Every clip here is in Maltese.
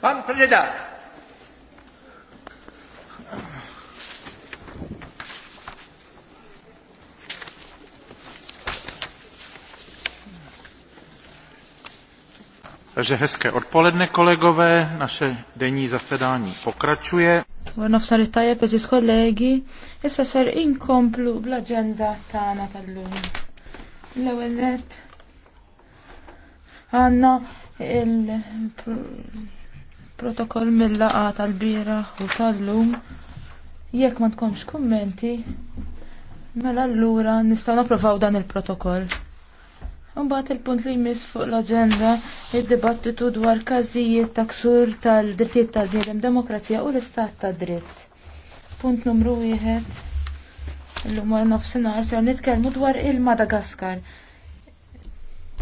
Pan President. Takže hezké odpoledne, kolegové. Naše denní zasedání pokračuje. Nofsar it-tajjeb, eżis kollegi, issa ser inkomplu bl-agenda tagħna tal-lum. l Anna, il-protokoll mill-laqa tal-bira u tal-lum jekk ma tkomx kummenti mela allura nistgħu napprovaw dan il-protokoll. Mbagħad il-punt li jmiss fuq l-aġenda id-dibattitu dwar każijiet ta' ksur tal-drittijiet tal-bniedem demokrazija u l-istat ta' dritt. Punt numru wieħed illum għal nofsinhar ser nitkellmu dwar il-Madagaskar.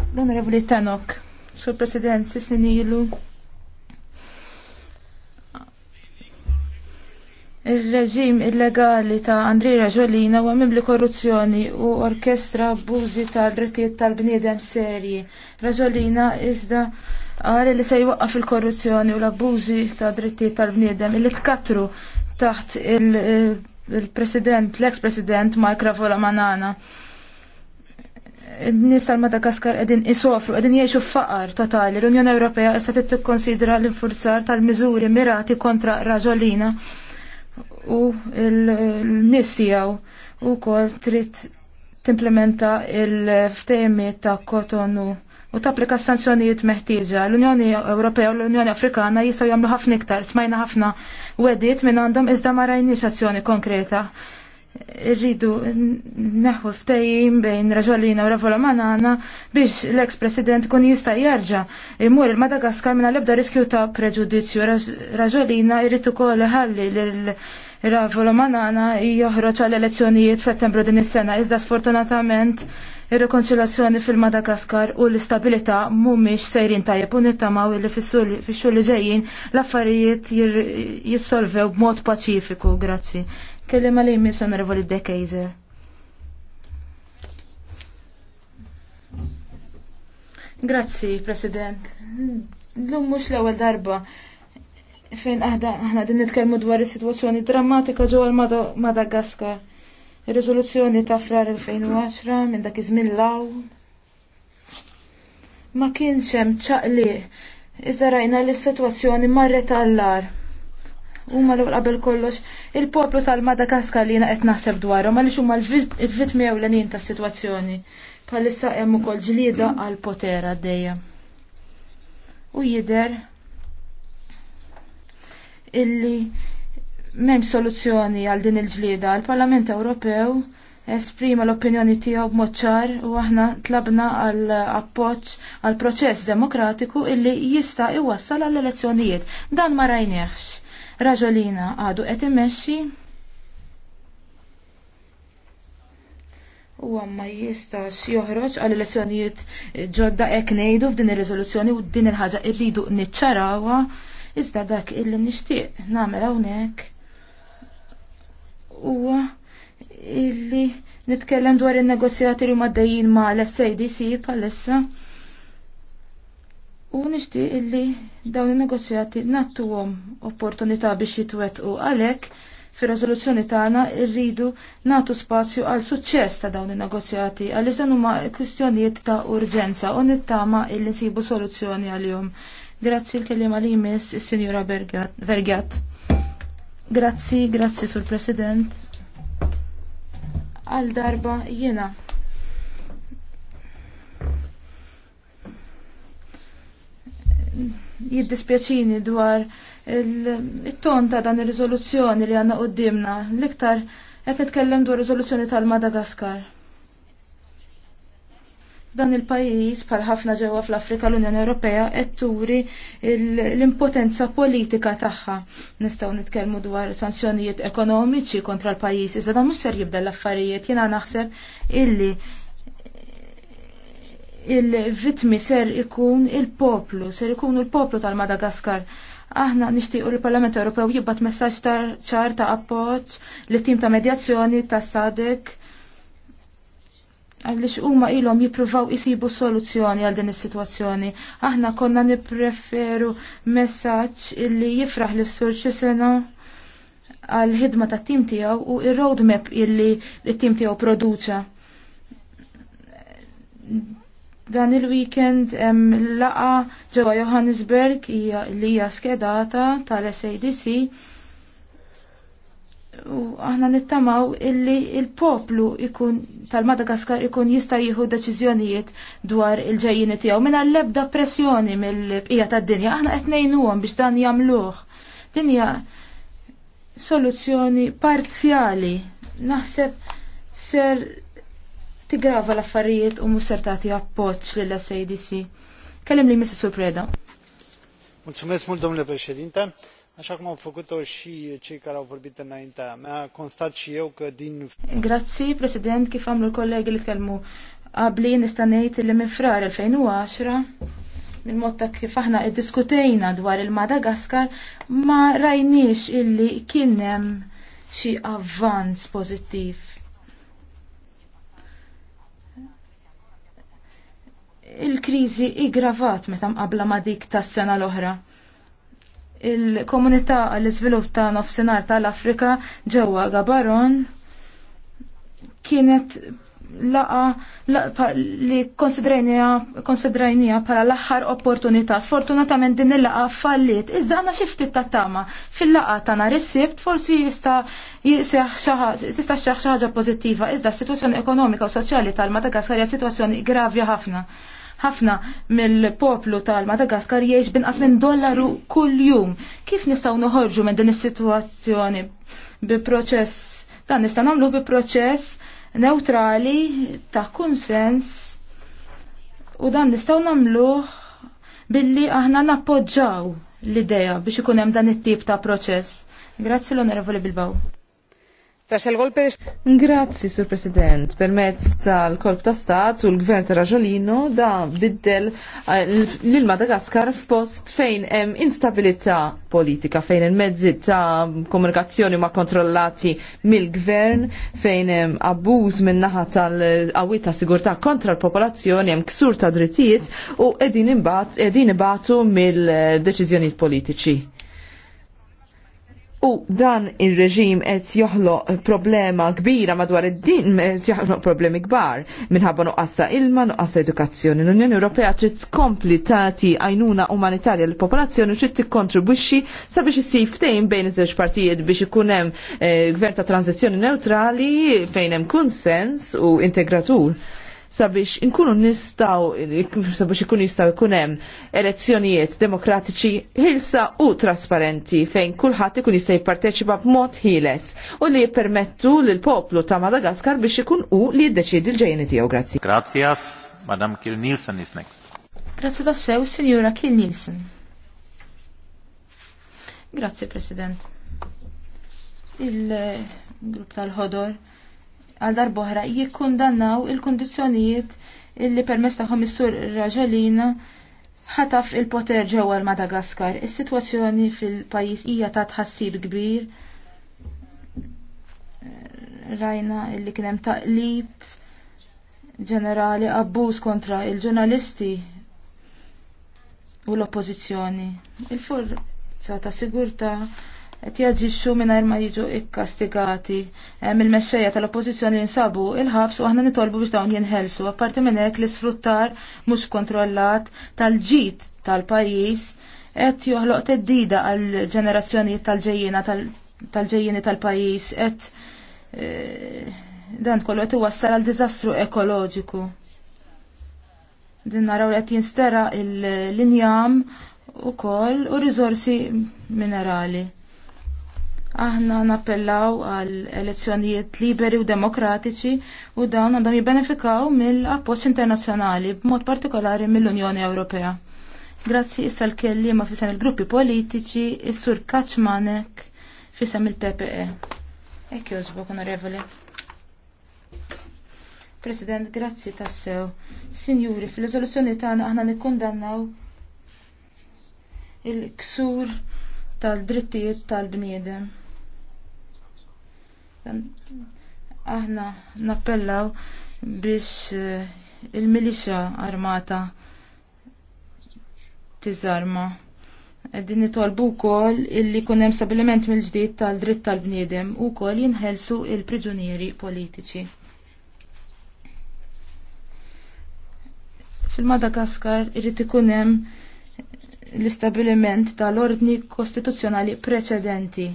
L-Onorevoli Tanok. Sur President, sissin ilu. Il-reġim illegali ta' Raġolina u huwa li korruzzjoni u orkestra abbużi ta' drittijiet tal-bniedem serji. Raġolina iżda għali li se jwaqqaf il-korruzzjoni u l-abbużi ta' drittijiet tal-bniedem illi tkatru taħt il-president, l-ex-president Mike Ravola Manana n-nis tal-Madagaskar edin isofru, edin jiexu faqar totali. L-Unjoni Ewropea issa tikkonsidra l-infurzar tal-miżuri mirati kontra raġolina u l-nis tijaw u kol trid timplementa il-ftemi ta' kotonu u tapplika sanzjonijiet meħtieġa. L-Unjoni Ewropea u l-Unjoni Afrikana jistgħu jagħmlu ħafna iktar, smajna ħafna wedit minn għandhom iżda ma rajniex konkreta irridu neħu ftejim bejn raġolina u rafola Manana biex l-ex-president kun jista jarġa imur il-Madagaskar minna lebda riskju ta' preġudizzju. Raġolina irridu kol ħalli l rafola Manana joħroċ għal-elezzjonijiet fettembru din is-sena. Iżda sfortunatament ir-rekonċilazzjoni fil-Madagaskar u l istabilita mumiex sejrin tajjeb u nittamaw li fix-xulli ġejjin l-affarijiet jissolvew b'mod paċifiku. Grazzi. Kellim għalim jmiss onorevoli De Kaiser. Grazzi, President. L-lum mux l-ewel darba fejn aħda aħna din nitkellmu dwar is-sitwazzjoni drammatika ġewwa Madagaskar. Ir-riżoluzzjoni ta' frar 2010 minn dak iż-żmien law. Ma kienx hemm ċaqli iżda rajna li sitwazzjoni marret allar huma l qabel kollox il-poplu tal-Madagaskar li jiena qed naħseb dwarhom għaliex huma l-vittmi ewlenin tas-sitwazzjoni bħalissa hemm ukoll ġlieda għal potera dejjem. U jidher illi m'hemm soluzzjoni għal din il-ġlieda għall-Parlament Ewropew esprima l-opinjoni tiegħu b'mod ċar u aħna tlabna għal appoġġ għal proċess demokratiku illi jista' iwassal għall elezzjonijiet. Dan ma rajniex. Raġolina għadu qed imexxi u ma jistax joħroġ għal elezzjonijiet ġodda ek ngħidu f'din ir-riżoluzzjoni u din il-ħaġa rridu niċċarawha iżda dak illi nixtieq nagħmel hawnhekk huwa illi nitkellem dwar in-negozjati li huma dejjin ma' l-SADC palissa. U nishti illi dawn il-negozjati għom opportunità biex u għalhekk fir rezoluzzjoni tagħna rridu nagħtu spazju għal suċċess ta' dawn in-negozjati għaliex dan huma kwistjonijiet ta' urġenza u nittama illi nsibu soluzzjoni għalihom. Grazzi l-kelliema li jmiss is-Sinjura Vergat. Grazzi, grazzi sur President. Għal darba jiena jiddispjaċini dwar il-ton ta' dan ir-riżoluzzjoni li għandna qudiemna l-iktar qed nitkellem dwar riżoluzzjoni tal-Madagaskar dan il-pajis bħal ħafna ġewwa fl-Afrika l-Unjoni Ewropea qed turi l-impotenza politika tagħha. Nistgħu nitkellmu dwar sanzjonijiet ekonomiċi kontra l pajis iżda dan mhux ser jibda l-affarijiet jiena naħseb illi il-vitmi ser ikun il-poplu, ser ikun il-poplu tal-Madagaskar. Aħna nixtiequ li l-Parlament Ewropew jibbat messaġġ ċar ta' appoġġ li tim ta' medjazzjoni ta' sadek għaliex huma ilhom jippruvaw isibu soluzzjoni għal din is-sitwazzjoni. Aħna konna nippreferu messaġġ illi jifraħ l sur xi sena għal ħidma tat tim tiegħu u ir-roadmap illi t-tim tiegħu produċa Dan il-weekend hemm laqa ġewwa Johannesburg li hija skedata tal-SADC u aħna nittamaw illi il-poplu ikun tal-Madagaskar ikun jista' jieħu deċiżjonijiet dwar il-ġejjini tiegħu mingħajr l-ebda pressjoni mill-bqija tad-dinja aħna qed ngħinuhom biex dan jagħmluh. Dinja soluzzjoni parzjali naħseb ser tigrava l-affarijiet u mhux sertati appoġġ lill SADC. Kellem li Mrs. Surpreda. Mulțumesc mult, domnule președinte. Așa cum au făcut-o și cei care au vorbit înaintea mea, constat și eu că din... Grazzi, President, kif għamlu l-kollegi li tkellmu qabli nistanejt li minn frar 2010 minn mod ta' kif aħna iddiskutejna dwar il-Madagaskar ma rajniex illi kien hemm xi avvanz pożittiv il-kriżi igravat meta mqabla ma dik tas-sena l-oħra. Il-komunità għall-iżvilupp ta' nofsinhar tal-Afrika ġewwa Gabaron kienet laqa li konsidrajnija pala l-axħar opportunità. Sfortunatament din il-laqa fallit. Iżda għana xiftit ta' tama. Fil-laqa ta' na' is-sibt forsi jista' tista' xi ħaġa Iżda s-sitwazzjoni ekonomika u soċjali tal-Madagaskar hija sitwazzjoni gravja ħafna ħafna mill-poplu tal-Madagaskar jgħix binqas minn dollaru kull jum. Kif nistgħu noħorġu minn din is-sitwazzjoni bi proċess dan nista' nagħmlu bi proċess neutrali ta' kunsens u dan nistgħu nagħmluh billi aħna nappoġġaw l-idea biex ikun hemm dan it-tip ta' proċess. Grazzi l-Onorevoli Bilbaw. Grazzi, Sur President. Permezz tal kolp ta' stat u l-gvern ta' Raġolino da biddel eh, l-Madagaskar f'post fejn hemm instabilità politika, fejn il-mezzi ta' komunikazzjoni ma' kontrollati mill-gvern, fejn hemm abbuż min-naħa tal awita ta' sigurtà kontra l-popolazzjoni, hemm ksur ta' drittijiet u qegħdin ibatu mill-deċiżjonijiet politiċi U dan il-reġim qed joħloq problema kbira madwar id-din qed joħloq problemi kbar minħabba nuqqas ta' ilma, nuqqas ta' edukazzjoni. L-Unjoni Ewropea trid tkompli tagħti għajnuna umanitarja lill-popolazzjoni u trid tikkontribwixxi sabiex isir ftehim bejn iż-żewġ partijiet biex ikun hemm eh, gvern ta' tranzizzjoni neutrali fejn hemm kunsens u integratur sabiex inkunu nistaw, sabiex ikun jistaw ikunem hemm elezzjonijiet demokratiċi hilsa u trasparenti fejn kulħadd ikun jista' jipparteċipa b'mod ħieles u li jippermettu l poplu ta' Madagaskar biex ikun u li jiddeċiedi l-ġejjeni tiegħu. Grazzi. Grazzjas, Madam Kil Nielsen is next. Grazzi sew, Sinjura Kil Nielsen. Grazzi, President. Il-grupp tal-ħodor għal darboħra jikkundannaw il-kondizjonijiet illi permess tagħhom is-sur Raġelina ħataf il-poter ġewwa l-Madagaskar. Is-sitwazzjoni fil-pajjiż hija ta' tħassib kbir. Rajna illi kien hemm taqlib ġenerali abbuż kontra il-ġurnalisti u l-oppożizzjoni. Il-forza ta' sigurta' qed jaġixxu mingħajr ma jiġu ikkastigati. Hemm il-mexxejja tal-oppożizzjoni jinsabu il-ħabs u aħna nitolbu biex dawn jinħelsu. Apparti minn hekk l-isfruttar mhux kontrollat tal-ġid tal-pajjiż qed joħloq teddida għal ġenerazzjonijiet tal-ġejjiena tal-ġejjieni tal-pajjiż qed eh, dan kollu qed iwassal għal diżastru ekoloġiku. Din naraw qed jinstera l-injam ukoll u riżorsi minerali aħna nappellaw għal elezzjonijiet liberi u demokratiċi u dawn għandhom jibbenefikaw mill-appoġġ internazzjonali b'mod partikolari mill-Unjoni Ewropea. Grazzi issa l-kelli ma fisem il-gruppi politiċi is-sur Kaczmanek fisem il-PPE. Ekk jożbok onorevoli. President, grazzi tassew. Sinjuri, fil-rezoluzzjoni tagħna aħna nikkundannaw il-ksur tal-drittijiet tal-bniedem Aħna nappellaw biex eh, il-milixa armata tiżarma. Din nitolbu wkoll illi jkun hemm stabiliment mill-ġdid tal-dritt tal-bniedem u wkoll jinħelsu il-priġunieri politiċi. Fil-Madagaskar irid ikun hemm l-istabiliment tal-ordni kostituzzjonali preċedenti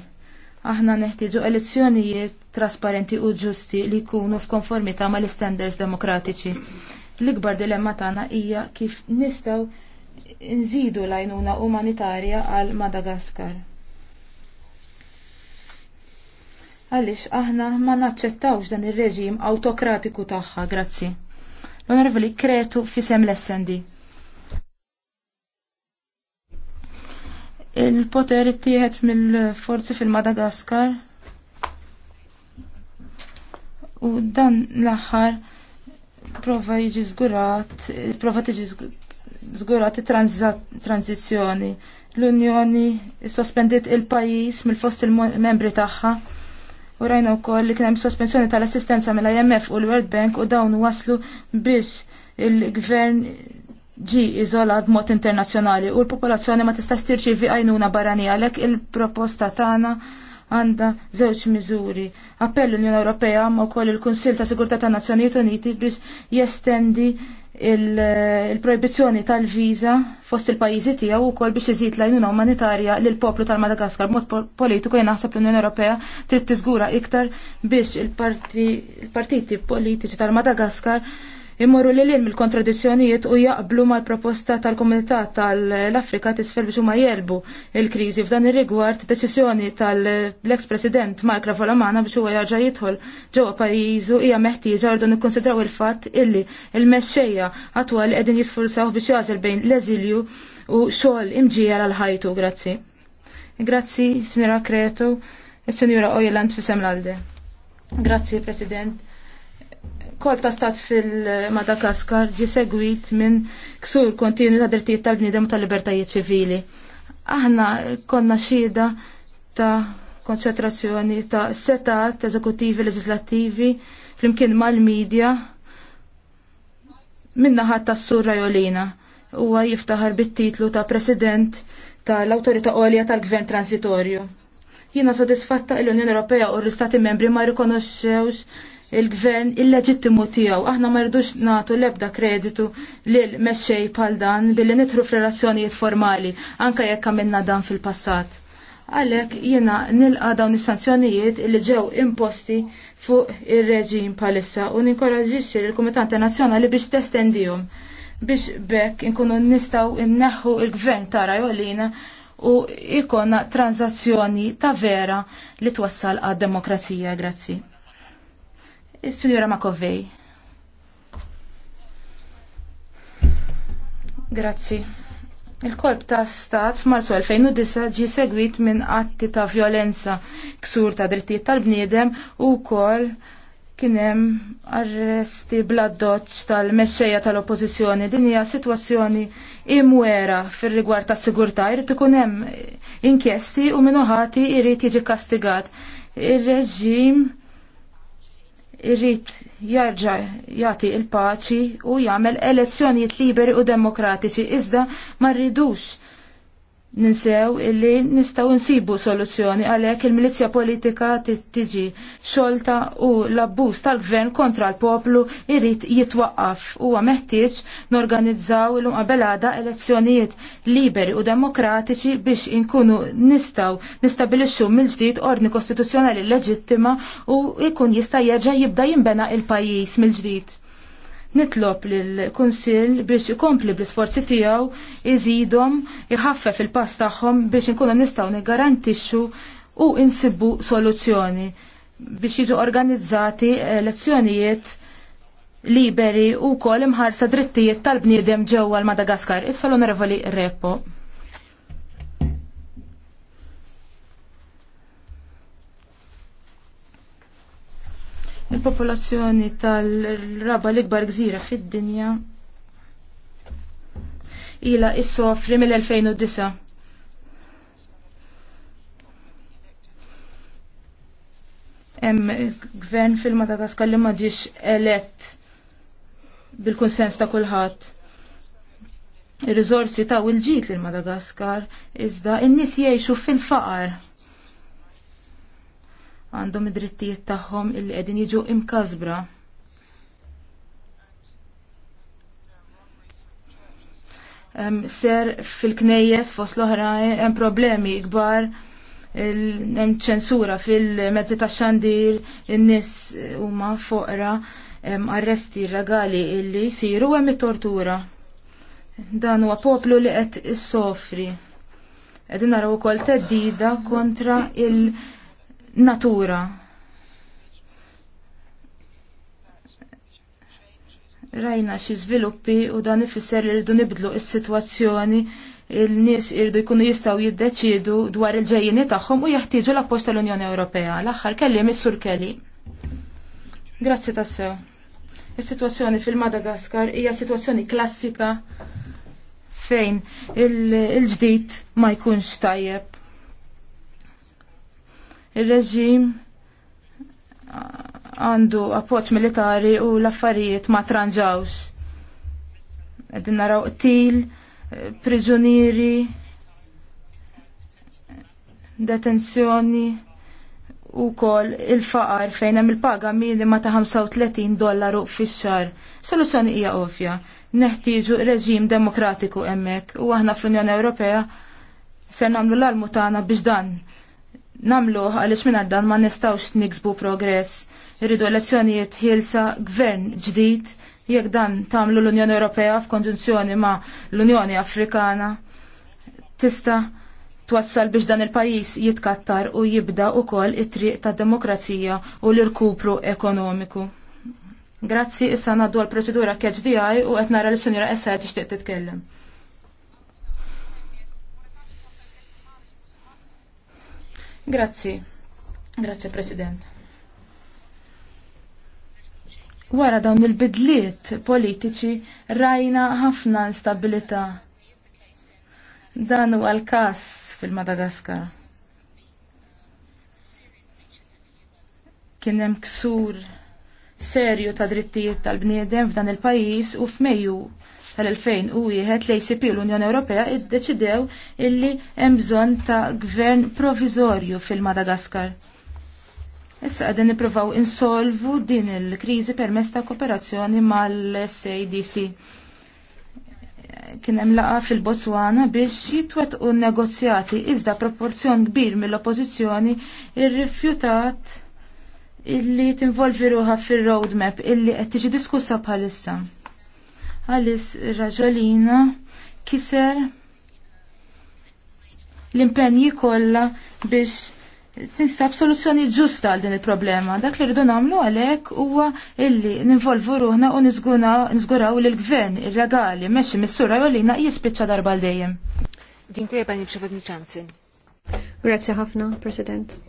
Aħna neħtieġu elezzjonijiet trasparenti u ġusti li jkunu f'konformità mal istandards demokratiċi. L-ikbar dilemma tagħna hija kif nistgħu nżidu l-għajnuna umanitarja għal Madagaskar. Għaliex aħna ma naċċettawx dan ir-reġim awtokratiku tagħha, grazzi. L-Onorevoli Kretu fisem l-SND. il-poter ittieħed mill-forzi fil-Madagaskar u dan l-aħħar prova jiġi zgurat prova tiġi żgurat it-tranzizzjoni. L-Unjoni sospendiet il-pajjiż mill-fost il-membri tagħha u rajna wkoll li kien hemm sospensjoni tal-assistenza mill-IMF u l-World Bank u dawn waslu biex il-gvern ġi izolat b'mod internazzjonali u l-popolazzjoni ma tistax tirċivi għajnuna barranija għalhekk il-proposta tagħna għandha żewġ miżuri. Appell l-Unjoni Ewropea ma wkoll il-Kunsill ta' Sigurtà tan Nazzjonijiet Uniti biex jestendi il-proibizzjoni tal-viża fost il-pajjiżi tiegħu wkoll biex iżid l-għajnuna umanitarja lil poplu tal-Madagaskar mod politiku jien naħseb l-Unjoni Ewropea trid tiżgura iktar biex il-partiti politiċi tal-Madagaskar imorru li l ilm il kontradizzjonijiet u jaqblu mal-proposta tal-Komunità tal-Afrika tisfel biex huma jelbu il-kriżi f'dan ir-rigward deċiżjoni tal ex President Mark Ravalomana biex huwa jarġa' jidħol ġewwa pajjiżu hija meħtieġa rdu nikkonsidraw il-fatt illi il-mexxejja attwali qegħdin jisfursaw biex jażel bejn l-eżilju u xogħol imġija għal ħajtu. Grazzi. Grazzi, Sinjora Kretu, Sinjora Ojeland fisem l-Alde. Grazzi, President Kol ta' stat fil-Madagaskar ġi segwit minn ksur kontinu ta' drittijiet tal-bnidem u tal-libertajiet ċivili. Aħna konna xhieda ta' konċentrazzjoni ta' setat eżekutivi leġislattivi flimkien mal-medja minnaħat ta' sur Rajolina, huwa jiftaħar bit-titlu ta' President tal-Awtorità Olja tal-Gvern Transitorju. Jiena sodisfatta l-Unjoni Ewropea u l-Istati Membri ma rikonoxxewx il-gvern illeġittimu tiegħu. Aħna ma rridux nagħtu l-ebda kreditu lil mexxej bħal dan billi nitru f'relazzjonijiet formali anke jekk għamilna dan fil-passat. Għalhekk jiena nilqa' dawn is-sanzjonijiet li ġew imposti fuq ir-reġim bħalissa u ninkoraġixxi l kumitat Nazzjonali biex testendihom biex bekk inkunu nistaw inneħħu il-gvern tara jolina u ikona tranzazzjoni ta' vera li twassal għad demokrazija. Grazzi. Signora sinjora Makovej. Grazzi. il kolp ta' stat marzu 2009 ġi segwit minn atti ta' violenza, ksur ta' drittijiet tal-bniedem u kol kienem arresti doċ tal-mexxejja tal-oppożizzjoni. Din hija sitwazzjoni imwera fir-rigward ta' sigurtà jrid ikun hemm inkjesti u minuħati jrid jiġi kastigat. Ir-reġim irrit jarġa jati il-paċi u jagħmel elezzjonijiet liberi u demokratiċi iżda ma rridux ninsew illi nistaw nsibu soluzzjoni għalhekk il-milizja politika tiġi xolta u l-abbuż tal-gvern kontra l-poplu irrid jitwaqqaf huwa meħtieġ norganizzaw il qabelada elezzjonijiet liberi u demokratiċi biex inkunu nistaw nistabilixxu mill-ġdid ordni kostituzzjonali leġittima u jkun jista' jerġa' jibda jinbena il-pajjiż mill-ġdid nitlob lill-Kunsill biex ikompli bl-isforzi tiegħu iżidhom iħaffef il-pass tagħhom biex inkunu nistgħu niggarantixxu u insibbu soluzzjoni biex jiġu organizzati elezzjonijiet liberi u kol imħarsa drittijiet tal-bniedem ġewwa l-Madagaskar. Issa l-Onorevoli Repo. Il-popolazzjoni tal-raba l-ikbar gżira fid-dinja ila issofri mill-2009. Hemm gvern fil-Madagaskar li ma ġiex elett bil-kunsens ta' kulħadd. Ir-riżorsi ta' il-ġid lil Madagaskar iżda n-nies jgħixu fil-faqar għandhom id-drittijiet tagħhom illi qegħdin jiġu imkasbra. ser fil-knejjes fost l oħrajn hemm problemi kbar hemm ċensura fil-mezzi tax-xandir, in-nies huma foqra, arresti regali illi jsiru hemm it-tortura. Dan huwa poplu li qed issofri. Qegħdin naraw ukoll teddida kontra il- natura. Rajna xi żviluppi u dan ifisser li rridu nibdlu s sitwazzjoni il-nies irdu jkunu jistgħu jiddeċidu dwar il-ġejjini tagħhom u jeħtieġu l-appost tal-Unjoni Ewropea. L-aħħar kelli Missur Kelly. Grazzi tassew. Is-sitwazzjoni fil-Madagaskar hija sitwazzjoni klassika fejn il-ġdid ma jkunx tajjeb Ir-reġim għandu appoġġ militari u l-affarijiet ma tranġawx. Qegħdin naraw qtil, priġunieri, detenzjoni u kol il-faqar fejn hemm il-paga minima ta' 35 dollaru fix-xar. Soluzzjoni hija ovvja. Neħtieġu reġim demokratiku hemmhekk u aħna fl-Unjoni Ewropea se nagħmlu l-almu tagħna biex dan namluħ għalix minn dan ma nistawx niksbu progress. Irridu elezzjonijiet ħilsa gvern ġdid jekk dan tagħmlu l-Unjoni Ewropea f'konġunzjoni ma l-Unjoni Afrikana tista' twassal biex dan il-pajjiż jitkattar u jibda kol it-triq tad demokrazija u l-irkupru ekonomiku. Grazzi issa ngħaddu l proċedura KHDI u qed nara l sunjura Essa tixtieq titkellem. Grazzi. Grazzi, President. Wara dawn il-bidliet politiċi rajna ħafna instabilità. Dan huwa l-każ fil-Madagaskar. Kien hemm ksur serju ta' drittijiet tal-bniedem f'dan il-pajjiż u f'Mejju tal-2001 l-ACP l-Unjoni Ewropea iddeċidew illi hemm bżonn ta' gvern proviżorju fil-Madagaskar. Issa qegħdin nippruvaw insolvu din il-kriżi permezz ta' kooperazzjoni mal-SADC. Kien hemm laqa fil-Botswana biex jitwettqu negozjati iżda proporzjon kbir mill-oppożizzjoni irrifjutat illi tinvolvi ruħa fil-roadmap illi qed tiġi diskussa bħalissa għalis raġolina kiser l-impenji kollha biex tinstab soluzzjoni ġusta għal din il-problema. Dak li rridu nagħmlu għalhekk huwa illi ninvolvu ruħna u nizguraw li l-gvern il regali mexxi mis-sura jolina jispiċċa darba l dejjem. Dziękuję Pani Przewodniczący. Grazie ħafna, President.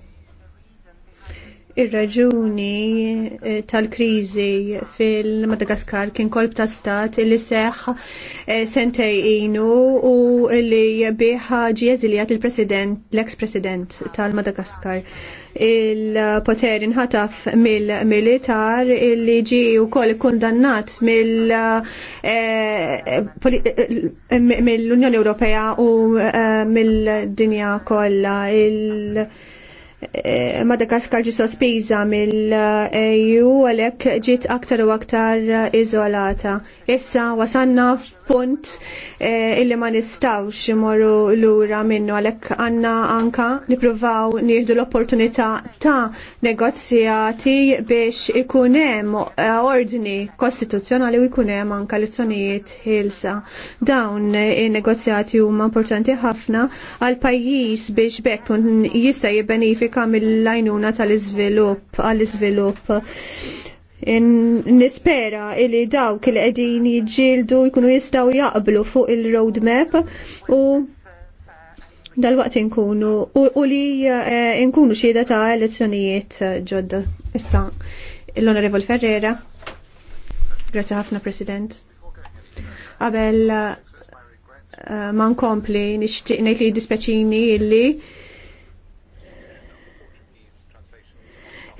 Ir-raġuni eh, tal-kriżi fil-Madagaskar kien kolb ta' stat li seħ eh, sentej inu u li biħa ġi eżiljat il-president, l-ex-president tal-Madagaskar. Il-poter inħataf mill-militar li ġi u kol kundannat eh, mill-Unjoni Ewropea u mill-dinja kollha Eh, Madagaskar ġi sospiża mill-EU għalhekk ġiet aktar u aktar eh, iżolata. Issa wasanna punt eh, illi ma nistawx l lura minnu għalek għanna anka nipruvaw nieħdu l-opportunità ta' negozjati biex ikunem eh, ordni kostituzzjonali u ikunem anka lezzjonijiet ħilsa. Dawn il-negozjati eh, huma importanti ħafna għal pajjiż biex bekk jista' jibbenifika mill-lajnuna tal-iżvilupp għall-iżvilupp nispera illi dawk kil qegħdin jiġġieldu jkunu jistgħu jaqblu fuq il-roadmap u dal-waqt inkunu u li eh, inkunu xieda ta' elezzjonijiet ġodda issa l-Onorevol Ferrera. Grazie ħafna President. Qabel eh, ma nkompli nixtieq ngħid li dispeċini illi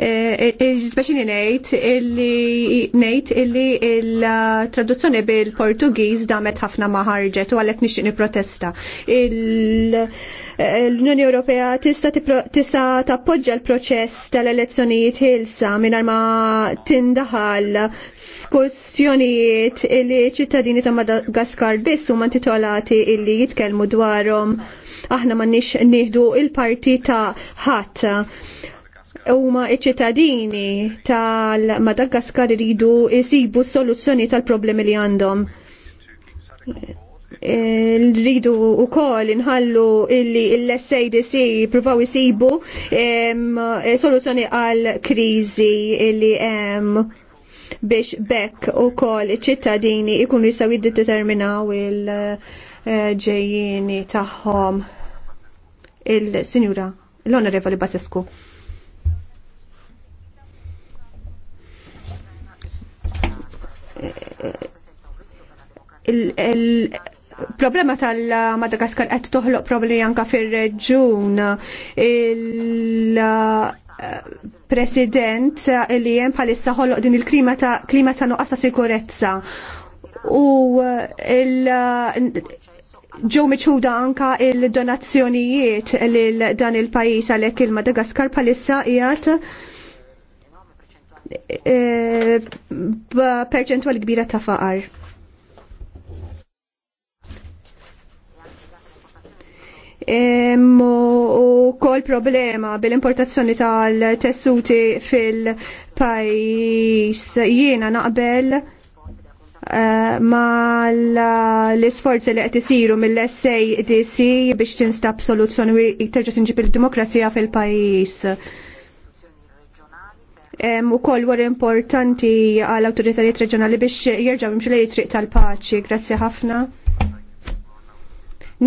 Eh, eh, Speċini nejt illi nejt illi il-traduzzjoni bil-Portugiż damet ħafna ma ħarġet u għalhekk nixtieq protesta. L-Unjoni Ewropea tista' tappoġġa l-proċess tal-elezzjonijiet ilsa mingħajr ma tindaħal f'kustjonijiet illi ċittadini ta' Madagaskar biss huma intitolati illi jitkellmu dwarhom aħna ma nix nieħdu il-parti ta' ħadd huma iċ-ċittadini tal-Madagaskar iridu jsibu soluzzjoni tal-problemi li għandhom. E, rridu u koll inħallu illi l-SADC provaw jisibu soluzzjoni għal-krizi illi hemm biex bekk u kol ċittadini ikun jisaw jiddeterminaw il-ġejjini taħħom il-Sinjura, l-Onorevoli Basescu. problema tal-Madagaskar qed toħloq problemi anka fir-reġjun. Il-President li hemm bħalissa ħoloq din il-klima ta' klima ta' nuqqas ta' sikurezza. U il- ġew miċħuda anka il-donazzjonijiet lil dan il-pajjiż għalhekk il-Madagaskar bħalissa qiegħed E, perċentwal kbira ta' faqar. u kol problema bil-importazzjoni tal-tessuti fil-pajis jiena naqbel e, ma l-isforzi li qed isiru mill-SADC biex tinstab soluzzjoni terġa' tinġib il-demokrazija fil-pajjiż u koll war importanti għal autoritajiet reġjonali biex jirġaw imxu li triq tal-paċi. Grazzi ħafna.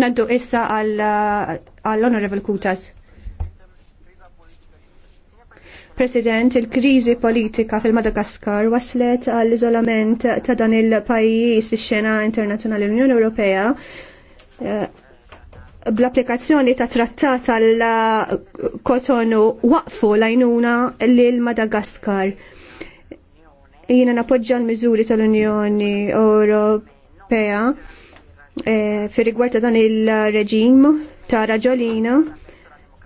Naddu issa għall-Honorable Kutas. President, il-krizi politika fil-Madagaskar waslet għall-izolament ta' dan il-pajis fix-xena internazzjonali l-Unjoni Ewropea eh, bl-applikazzjoni ta' trattat għal kotonu waqfu lajnuna lil Madagaskar. Jina napoġġa l-miżuri tal-Unjoni Ewropea eh, fi rigward ta' dan il-reġim ta' raġolina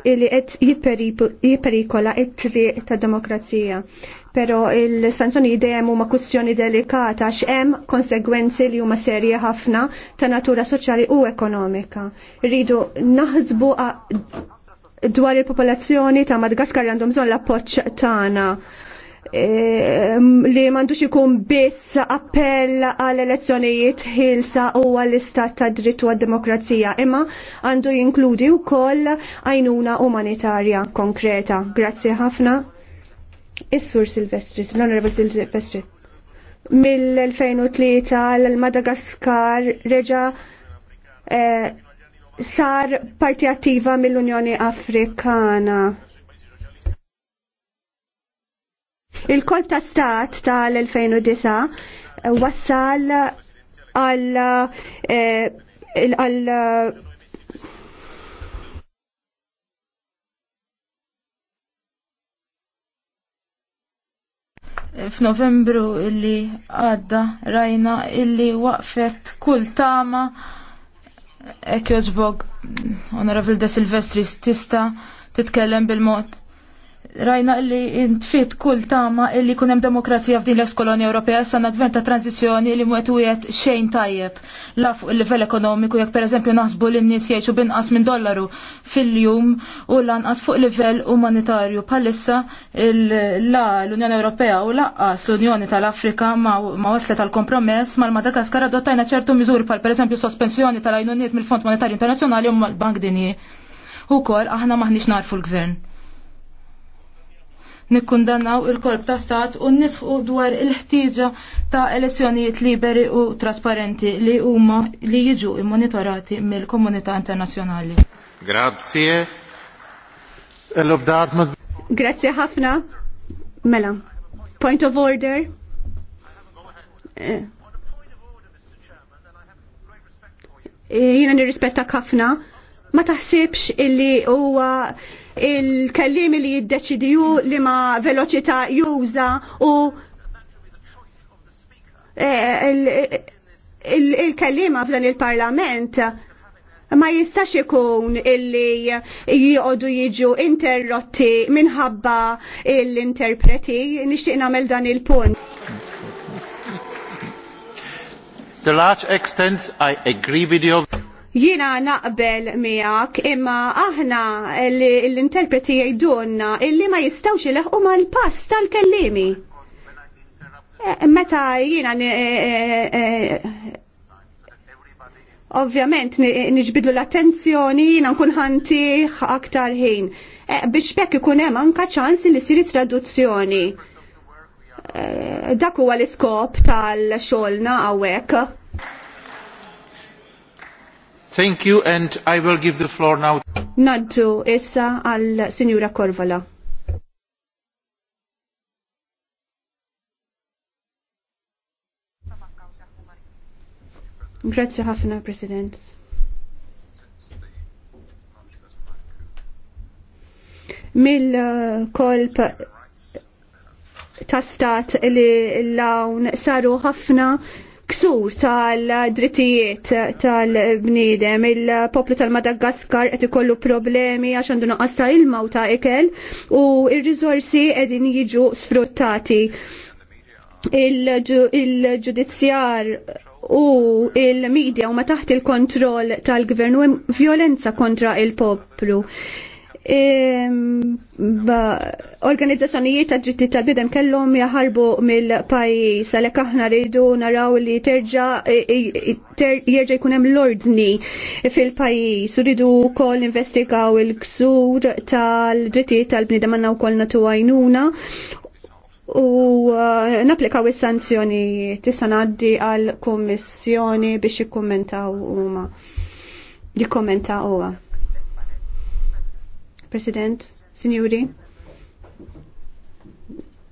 illi qed jipperikola it-triq tad demokrazija pero il-sanzjoni idejem huma kwistjoni delikata hemm konsegwenzi li huma serji ħafna ta' natura soċjali u ekonomika. Rridu naħsbu dwar il-popolazzjoni ta' Madagaskar li għandhom bżonn l-appoġġ tagħna. E, mm, li mandux ikun biss appell għal elezzjonijiet ħilsa u għall istat ta' drittu u għad-demokrazija, imma għandu jinkludi u koll għajnuna umanitarja konkreta. Grazie ħafna. Is-Sur Silvestri, l-Onorevole Silvestri, mill-2003 l-Madagaskar reġa eh, sar parti attiva mill-Unjoni Afrikana. Il-kolb ta' stat tal-2009 wassal għal eh, għal f'Novembru illi għadda rajna illi waqfet kull tama ek Onorevil De Silvestris tista titkellem bil-mod rajna li intfit kull tama li kunem demokrazija f'din l kolonja Ewropea sa nadvent ta' tranzizjoni li mwet ujet xejn tajjeb la fuq il-livell ekonomiku jekk per eżempju naħsbu li n-nies jgħixu binqas minn dollaru fil-jum u lanqas fuq livell umanitarju. Palissa la l-Unjoni Ewropea u laqqas l-Unjoni tal-Afrika ma waslet tal-kompromess mal-Madagaskar adottajna ċertu miżuri pal per eżempju sospensjoni tal-għajnuniet mill-Fond Monetarju Internazzjonali u mal-Bank Dinji. U kol aħna maħniex narfu l-gvern nikkundannaw il kolp ta' stat u nisħu dwar il-ħtieġa ta' elezzjonijiet liberi u trasparenti li huma li jiġu immonitorati mill-komunità internazzjonali. Grazie. Grazie ħafna. Mela. Point of order. Eh. Eh, Jiena nirrispetta ħafna. Ma taħsibx illi huwa il-kellimi li jiddeċidiju li ma veloċità juża u eh, il-kellima f'dan il-parlament ma jistax ikun illi jiqodu jiġu interrotti minħabba l-interpreti, nixtieq nagħmel dan il-punt. The large extents I agree with you. Jina naqbel miegħek imma aħna l-interpreti jgħidulna illi ma jistawx il-ħu mal-pass tal-kellimi. Eh, meta jina eh, eh, ovvjament niġbidlu l-attenzjoni, jina nkun ħanti aktar ħin. Biex bekk ikun hemm anka ċans li siri traduzzjoni. Dak huwa l-iskop tal-xogħolna hawnhekk. Thank you and I will give the floor now. Naddu issa għal Sinjura Korvala. Grazie ħafna, President. mill kolp ta' stat li l-lawn saru ħafna ksur tal-drittijiet tal-bniedem, il-poplu tal-Madagaskar qed ikollu problemi għax għandu noqqas ta' ilma u ta' ikel u ir-riżorsi qegħdin jiġu sfruttati. Il-ġudizzjar u il-medja u ma taħt il-kontroll tal-gvern u violenza kontra il-poplu organizzazzjonijiet ta' dritti tal-bidem kellhom jaħarbu mill-pajjiż għalhekk aħna rridu naraw li terġa' jerġa' jkun hemm l-ordni fil-pajjiż u rridu wkoll investigaw il-ksur tal-drittijiet tal-bniedem għandna wkoll natu għajnuna u uh, naplikaw is-sanzjonijiet issa ngħaddi għall kummissjoni biex jikkummentaw huma jikkommentaw huwa. President, Signori,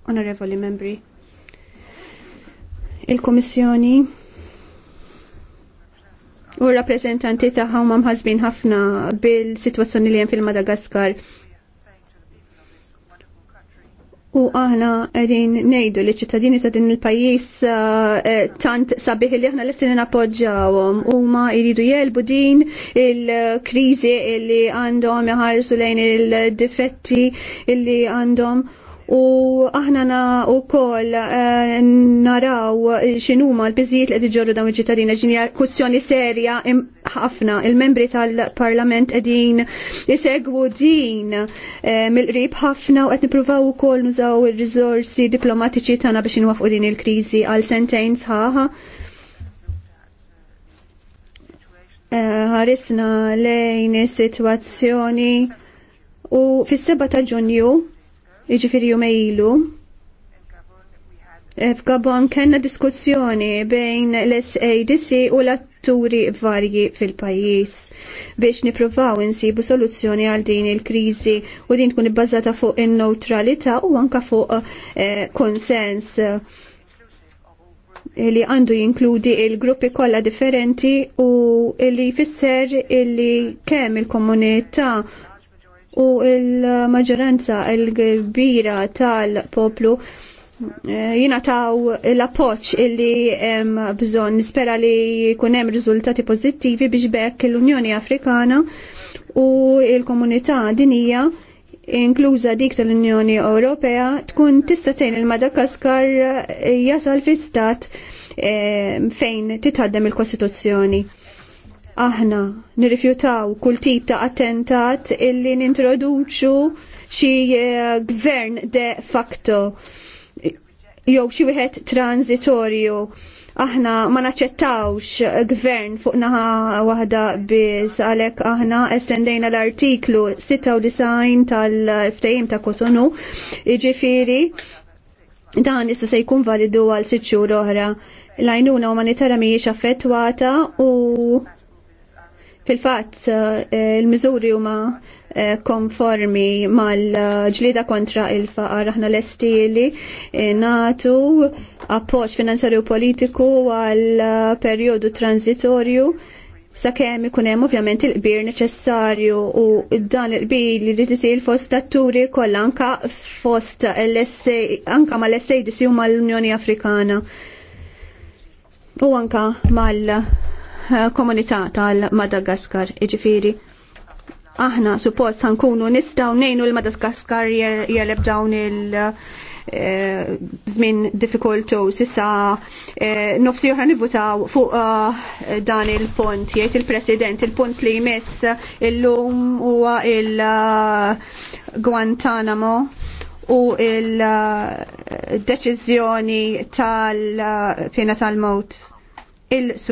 Onorevoli Membri, il-Komissjoni u r-rappresentanti taħħa huma ħafna bil-sitwazzjoni li hemm fil-Madagaskar u aħna qegħdin ngħidu li ċittadini ta' din il-pajjiż eh, eh, tant sabiħ li aħna lesti nappoġġawhom huma jridu jelbu din il-kriżi li għandhom iħarsu lejn il-difetti li għandhom u aħna na u koll eh, naraw xinuma l-biżijiet li ġorru dawn il ġittadina ġinja kuzzjoni serja ħafna il-membri tal-parlament edin jisegwu din eh, mill-qrib ħafna u qed nippruvaw ukoll nużaw ir rizorsi diplomatiċi tagħna biex inwafqu din il-kriżi għal sentejn sħaħa. Eh, ħarisna lejn is-sitwazzjoni u fis-seba ta' Ġunju jiġifieri jumej ilu. F'Gabon kellna diskussjoni bejn l-SADC u l-atturi varji fil-pajjiż biex nippruvaw insibu soluzzjoni għal din il-kriżi u din tkun ibbażata fuq in-neutralità u anka fuq eh, konsens eh, li għandu jinkludi il-gruppi kollha differenti u li jfisser illi kemm il-komunità u il-maġġoranza l-kbira tal-poplu eh, jina taw l-appoċ illi hemm bżon nispera li jkun hemm riżultati pożittivi biex bekk l-Unjoni Afrikana u l-komunità dinija inkluża dik tal-Unjoni Ewropea tkun tista' tgħin il-Madagaskar eh, jasal fi stat eh, fejn titħaddem il-Kostituzzjoni aħna nirrifjutaw kull tip ta' attentat illi nintroduċu xi eh, gvern de facto jew xi wieħed transitorju. Aħna ma naċċettawx gvern fuq naħa waħda biss għalhekk aħna estendejna l-artiklu 96 tal-ftehim ta' Kotonu, jiġifieri dan issa se jkun validu għal sitt xhur oħra. L-għajnuna umanitarja mhijiex affettwata u Fil-fatt eh, il-miżuri huma eh, konformi mal-ġlida kontra il-faqar aħna l-estili eh, natu appoġġ finanzarju politiku għal perjodu transitorju sakemm ikun hemm ovvjament il-qbir neċessarju u dan il-qbir li trid isir fost atturi kollha anka fost anka mal-SADC u mal-Unjoni Afrikana u anka mal komunità tal-Madagaskar, iġifiri. Aħna suppost ħankunu nistaw nejnu l-Madagaskar jeleb dawn il- żmien eh, diffikultu sissa eh, nofsi oħra nivutaw fuq eh, dan il-punt jgħid il-President il-punt li jmiss illum huwa il-Guantanamo u il-deċiżjoni tal-pjena tal-mot il